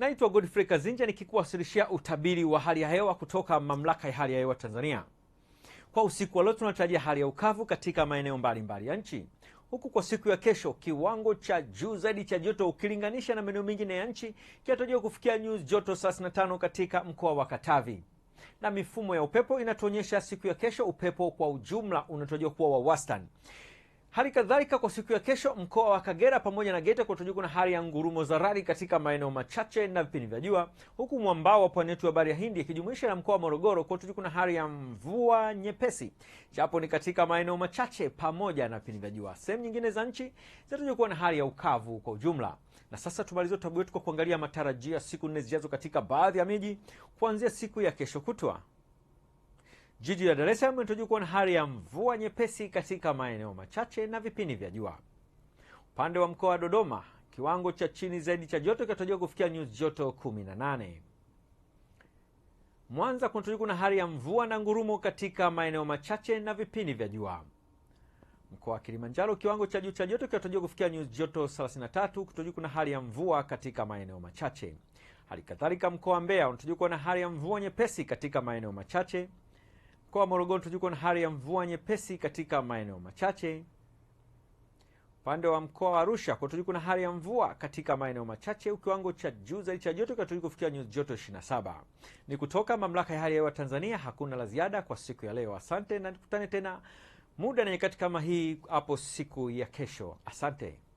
Naitwa Godfrey Kazinja nikikuwasilishia utabiri wa hali ya hewa kutoka Mamlaka ya Hali ya Hewa Tanzania. Kwa usiku wa leo tunatarajia hali ya ukavu katika maeneo mbalimbali ya nchi, huku kwa siku ya kesho kiwango cha juu zaidi cha joto ukilinganisha na maeneo mengine ya nchi kinatarajiwa kufikia nyuzi joto 35 katika mkoa wa Katavi, na mifumo ya upepo inatuonyesha siku ya kesho upepo kwa ujumla unatarajiwa kuwa wa wastani. Hali kadhalika kwa siku ya kesho, mkoa wa Kagera pamoja na geta kutatarajiwa na hali ya ngurumo za radi katika maeneo machache na vipindi vya jua, huku mwambao wa pwani yetu ya bahari ya Hindi ikijumuisha na mkoa wa Morogoro kutatarajiwa na hali ya mvua nyepesi, japo ni katika maeneo machache pamoja na vipindi vya jua. Sehemu nyingine za nchi zinatarajiwa kuwa na hali ya ukavu kwa ujumla. Na sasa tumalize utabiri wetu kwa kuangalia matarajio ya siku nne zijazo katika baadhi ya miji kuanzia siku ya kesho kutwa. Jiji la Dar es Salaam inatarajiwa kuwa na hali ya mvua nyepesi katika maeneo machache na vipindi vya jua. Upande wa mkoa wa Dodoma, kiwango cha chini zaidi cha joto kinatarajiwa kufikia nyuzi joto 18. Mwanza kunatarajiwa na hali ya mvua na ngurumo katika maeneo machache na vipindi vya jua. Mkoa wa Kilimanjaro, kiwango cha juu cha joto kinatarajiwa kufikia nyuzi joto 33, kunatarajiwa kuwa na hali ya mvua katika maeneo machache. Hali kadhalika, mkoa wa Mbeya unatarajiwa na hali ya mvua nyepesi katika maeneo machache Mkoa wa Morogoro tujuko na hali ya mvua nyepesi katika maeneo machache. Upande wa mkoa wa Arusha kutuliko na hali ya mvua katika maeneo machache, kiwango cha juu zaidi cha joto kinatarajiwa kufikia nyuzi joto 27. Ni kutoka mamlaka ya hali ya hewa Tanzania. Hakuna la ziada kwa siku ya leo. Asante na tukutane tena muda na nyakati kama hii hapo siku ya kesho. Asante.